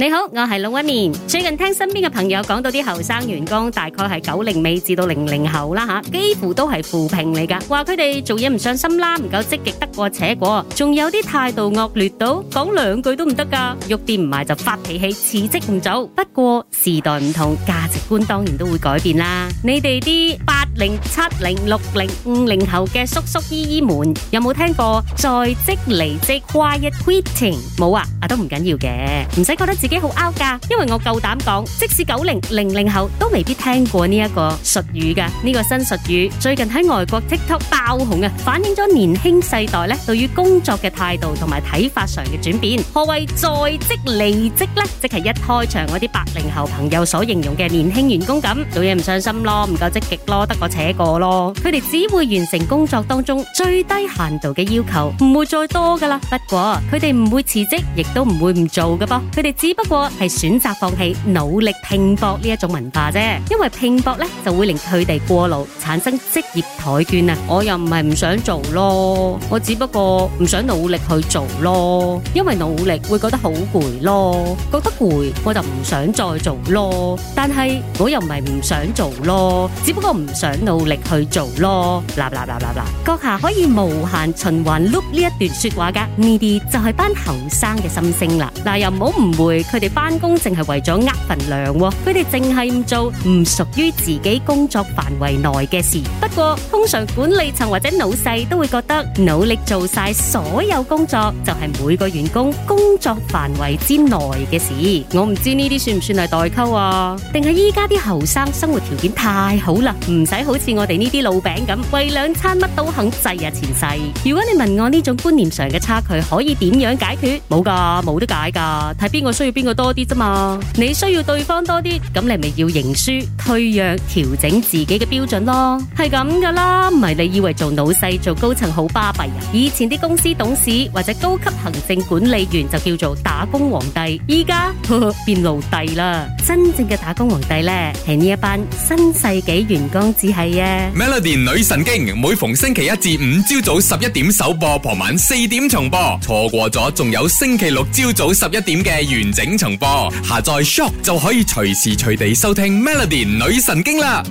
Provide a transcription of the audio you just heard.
你好，我係老屈年。最近聽身邊嘅朋友講到啲後生員工，大概係九零尾至到零零後啦吓，幾乎都係負評嚟噶。話佢哋做嘢唔上心啦，唔夠積極，得過且過，仲有啲態度惡劣到講兩句都唔得噶，郁啲唔買就發脾氣，辭職唔走。不過時代唔同，價值觀當然都會改變啦。你哋啲八零、七零、六零、五零後嘅叔叔姨姨們，有冇有聽過在職離職、quiet quitting？冇啊，啊都唔緊要嘅，唔使覺得自己。幾好拗噶，因為我夠膽講，即使九零零零後都未必聽過呢一個術語噶。呢個新術語最近喺外國 TikTok 爆紅啊，反映咗年輕世代咧對於工作嘅態度同埋睇法上嘅轉變。何謂在職離職呢？即係一開場嗰啲八零後朋友所形容嘅年輕員工咁，做嘢唔上心咯，唔夠積極咯，得過且過咯。佢哋只會完成工作當中最低限度嘅要求，唔會再多噶啦。不過佢哋唔會辭職，亦都唔會唔做噶噃。佢哋只。不過係選擇放棄、努力拼搏呢一種文化啫，因為拼搏咧就會令佢哋過勞，產生職業怠倦啊！我又唔係唔想做咯，我只不過唔想努力去做咯，因為努力會覺得好攰咯，覺得攰我就唔想再做咯。但係我又唔係唔想做咯，只不過唔想努力去做咯。嗱嗱嗱嗱嗱，閣下可以無限循環碌呢一段說話噶，呢啲就係班後生嘅心聲啦。嗱，又唔好誤會。佢哋翻工淨係為咗呃份糧，佢哋淨係唔做唔屬於自己工作範圍內嘅事。不過通常管理層或者老細都會覺得努力做晒所有工作就係每個員工工作範圍之內嘅事。我唔知呢啲算唔算係代溝啊？定係依家啲後生生活條件太好啦，唔使好似我哋呢啲老餅咁為兩餐乜都肯制啊！前世，如果你問我呢種觀念上嘅差距可以點樣解決，冇噶，冇得解噶，睇邊個需要。邊個多啲咋嘛？你需要對方多啲，咁你咪要認輸、退讓、調整自己嘅標準咯，係咁噶啦，唔係你以為做老細、做高層好巴閉啊？以前啲公司董事或者高級行政管理員就叫做打工皇帝，依家， 變奴隸啦。真正嘅打工皇帝呢，係呢一班新世紀員工體系啊。Melody 女神經，每逢星期一至五朝早十一點首播，傍晚四點重播，錯過咗仲有星期六朝早十一點嘅完整層播，下載 Shock 就可以隨時隨地收聽 Melody 女神經啦！